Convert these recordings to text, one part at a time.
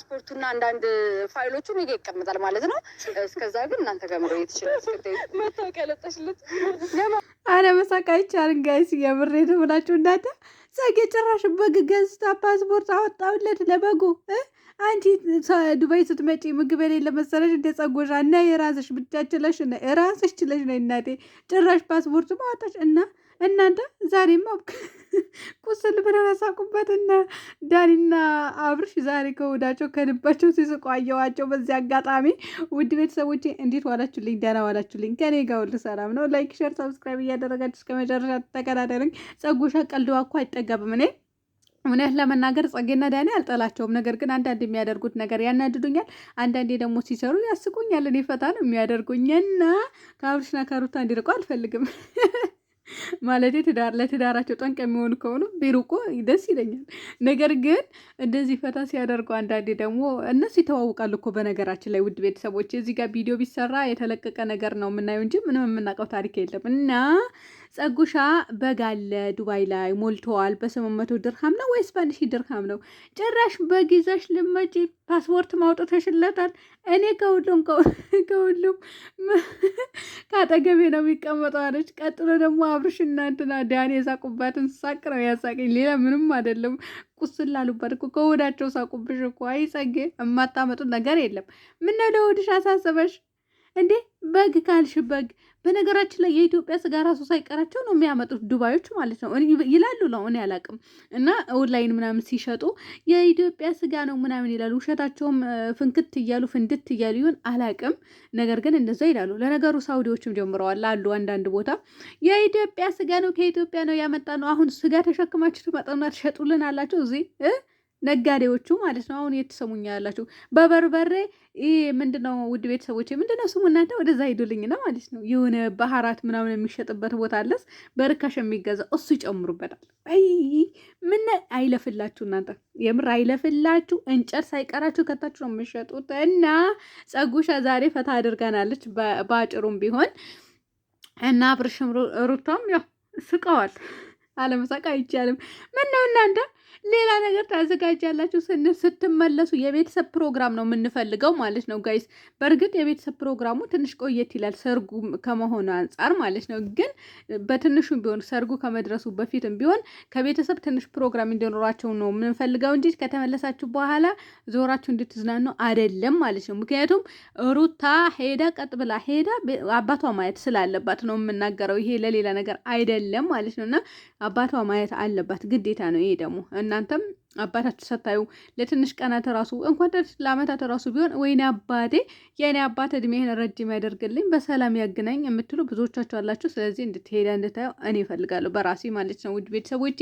ፓስፖርቱና አንዳንድ ፋይሎቹን እኔ ይቀመጣል ማለት ነው። እስከዛ ግን እናንተ ገምሮ ትችላል። መታወቂያ ለጠሽለት አለመሳቅ አይቻልም። ጋይስ የምሬ ነው ብላችሁ እናንተ ጸጌ ጭራሽ በግ ገዝታ ፓስፖርት አወጣውለት ለበጉ። አንቺ ዱባይ ስትመጪ ምግብ የሌለ መሰለሽ እንደ ጸጎሻ እና የራስሽ ብቻ ችለሽ ነ ራስሽ ችለሽ ነ እናቴ ጭራሽ ፓስፖርቱ ማወጣሽ እና እናንተ ዛሬ ማብክ ቁስል ብለው ያሳቁበትና ዳኒና አብርሽ ዛሬ ከወዳቸው ከልባቸው ሲስቁ አየዋቸው። በዚህ አጋጣሚ ውድ ቤተሰቦቼ እንዴት ዋላችሁልኝ? ደህና ዋላችሁልኝ? ከኔ ጋር ሁሉ ሰላም ነው። ላይክ፣ ሼር፣ ሰብስክራይብ እያደረጋችሁ እስከ መጨረሻ ተከታተሉኝ። ጸጉሻ ቀልድዋ እኮ አይጠገብም እኔ እውነት ለመናገር ጸጌና ዳኒ አልጠላቸውም። ነገር ግን አንዳንድ የሚያደርጉት ነገር ያናድዱኛል። አንዳንዴ ደግሞ ሲሰሩ ያስቁኛል። እኔ ፈታ ነው የሚያደርጉኝ እና ከአብርሽና ከሩታ እንዲርቁ አልፈልግም። ማለት ትዳር ለትዳራቸው ጠንቅ የሚሆኑ ከሆኑ ቢሩቁ ደስ ይለኛል። ነገር ግን እንደዚህ ፈታ ሲያደርጉ አንዳንዴ ደግሞ እነሱ ይተዋውቃሉ እኮ በነገራችን ላይ ውድ ቤተሰቦች፣ እዚህ ጋር ቪዲዮ ቢሰራ የተለቀቀ ነገር ነው የምናየው እንጂ ምንም የምናውቀው ታሪክ የለም እና ጸጉሻ በግ አለ ዱባይ ላይ ሞልተዋል። በስምንት መቶ ድርሃም ነው ወይስ በአንድ ሺህ ድርሃም ነው? ጭራሽ በግ ይዘሽ ልመጪ ፓስፖርት ማውጣትሽለታል። እኔ ከሁሉም ከሁሉም ከአጠገቤ ነው የሚቀመጠው አለች። ቀጥሎ ደግሞ አብርሽ እናንትና ዳኒ የሳቁባትን ሳቅ ነው ያሳቀኝ። ሌላ ምንም አይደለም። ቁስል አሉባት እኮ ከወዳቸው ሳቁብሽ እኮ። አይ ጸጌ፣ የማታመጡት ነገር የለም። ምነው ለሆድሽ አሳሰበሽ? እንዴ በግ ካልሽ በግ። በነገራችን ላይ የኢትዮጵያ ስጋ ራሱ ሳይቀራቸው ነው የሚያመጡት ዱባዮች ማለት ነው ይላሉ ነው እኔ አላቅም እና ኦንላይን ምናምን ሲሸጡ የኢትዮጵያ ስጋ ነው ምናምን ይላሉ። ውሸታቸውም ፍንክት እያሉ ፍንድት እያሉ ይሆን አላቅም ነገር ግን እንደዛ ይላሉ። ለነገሩ ሳውዲዎችም ጀምረዋል አሉ አንዳንድ ቦታ የኢትዮጵያ ስጋ ነው ከኢትዮጵያ ነው ያመጣ ነው። አሁን ስጋ ተሸክማችሁ ትመጣና ትሸጡልን አላቸው እዚህ ነጋዴዎቹ ማለት ነው። አሁን የት ሰሙኛ ያላችሁ በበርበሬ ይህ ምንድነው? ውድ ቤተሰቦች ምንድነው ስሙ እናንተ ወደዛ ነው ማለት ነው። የሆነ ባህራት ምናምን የሚሸጥበት ቦታ አለስ በርካሽ የሚገዛ እሱ ይጨምሩበታል። አይ ምን አይለፍላችሁ እናንተ የምር አይለፍላችሁ። እንጨት ሳይቀራችሁ ከታችሁ ነው የሚሸጡት። እና ፀጉሻ ዛሬ ፈታ አድርጋናለች በአጭሩም ቢሆን እና ብርሽም ሩቷም ያው ስቀዋል። አለመሳቅ አይቻልም። ምን ነው እናንተ ሌላ ነገር ታዘጋጃላችሁ ስንል ስትመለሱ የቤተሰብ ፕሮግራም ነው የምንፈልገው ማለት ነው ጋይስ። በእርግጥ የቤተሰብ ፕሮግራሙ ትንሽ ቆየት ይላል ሰርጉ ከመሆኑ አንጻር ማለት ነው። ግን በትንሹም ቢሆን ሰርጉ ከመድረሱ በፊትም ቢሆን ከቤተሰብ ትንሽ ፕሮግራም እንዲኖራቸው ነው የምንፈልገው እንጂ ከተመለሳችሁ በኋላ ዞራችሁ እንድትዝናኑ አይደለም ማለት ነው። ምክንያቱም ሩታ ሄዳ ቀጥ ብላ ሄዳ አባቷ ማየት ስላለባት ነው የምናገረው። ይሄ ለሌላ ነገር አይደለም ማለት ነው እና አባቷ ማየት አለባት ግዴታ ነው። ይሄ ደግሞ እናንተም አባታችሁ ሰታዩ ለትንሽ ቀናት ራሱ እንኳን ለአመታት ራሱ ቢሆን ወይኔ አባቴ የኔ አባት እድሜህን ረጅም ያደርግልኝ በሰላም ያገናኝ የምትሉ ብዙዎቻችሁ አላችሁ። ስለዚህ እንድትሄደ እንድታየው እኔ እፈልጋለሁ በራሴ ማለት ነው። ውድ ቤተሰቦች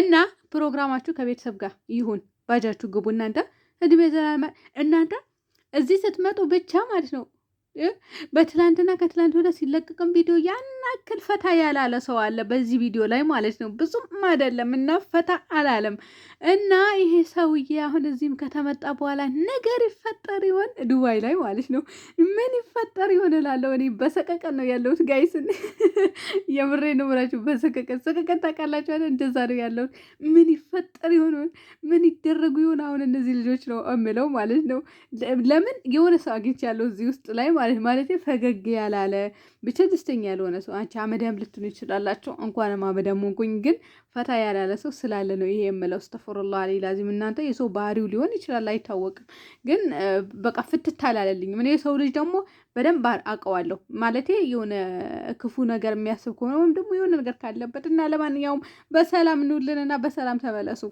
እና ፕሮግራማችሁ ከቤተሰብ ጋር ይሁን። ባጃችሁ ግቡ እናንተ እድሜ ዘላለማ እናንተ እዚህ ስትመጡ ብቻ ማለት ነው በትላንትና ከትላንት ወደ ሲለቀቅም ቪዲዮ ያን አክል ፈታ ያላለ ሰው አለ፣ በዚህ ቪዲዮ ላይ ማለት ነው። ብዙም አይደለም እና ፈታ አላለም እና ይሄ ሰውዬ አሁን እዚህም ከተመጣ በኋላ ነገር ይፈጠር ይሆን? ዱባይ ላይ ማለት ነው። ምን ይፈጠር ይሆን እላለሁ እኔ። በሰቀቀን ነው ያለሁት ጋይስን፣ የምሬ ነው የምላችሁ። በሰቀቀን ሰቀቀን ታውቃላችሁ እንደዛ ነው ያለሁት። ምን ይፈጠር ይሆን? ምን ይደረጉ ይሆን? አሁን እነዚህ ልጆች ነው እምለው ማለት ነው። ለምን የሆነ ሰው አግኝቻለሁ እዚህ ውስጥ ላይ ማለት ማለት ማለት ፈገግ ያላለ ብቻ ደስተኛ ያልሆነ ሰው አንቺ አመዳም ልትሆኑ ይችላላቸው። እንኳንም አመዳም ሆንኩኝ፣ ግን ፈታ ያላለ ሰው ስላለ ነው ይሄ የምለው። ስተፈሩላ ላዚም እናንተ የሰው ባህሪው ሊሆን ይችላል አይታወቅም፣ ግን በቃ ፍትት ምን የሰው ልጅ ደግሞ በደንብ አውቀዋለሁ ማለት የሆነ ክፉ ነገር የሚያስብ ከሆነ ወይም ደግሞ የሆነ ነገር ካለበት እና ለማንኛውም በሰላም እንውልንና በሰላም ተመለሱ።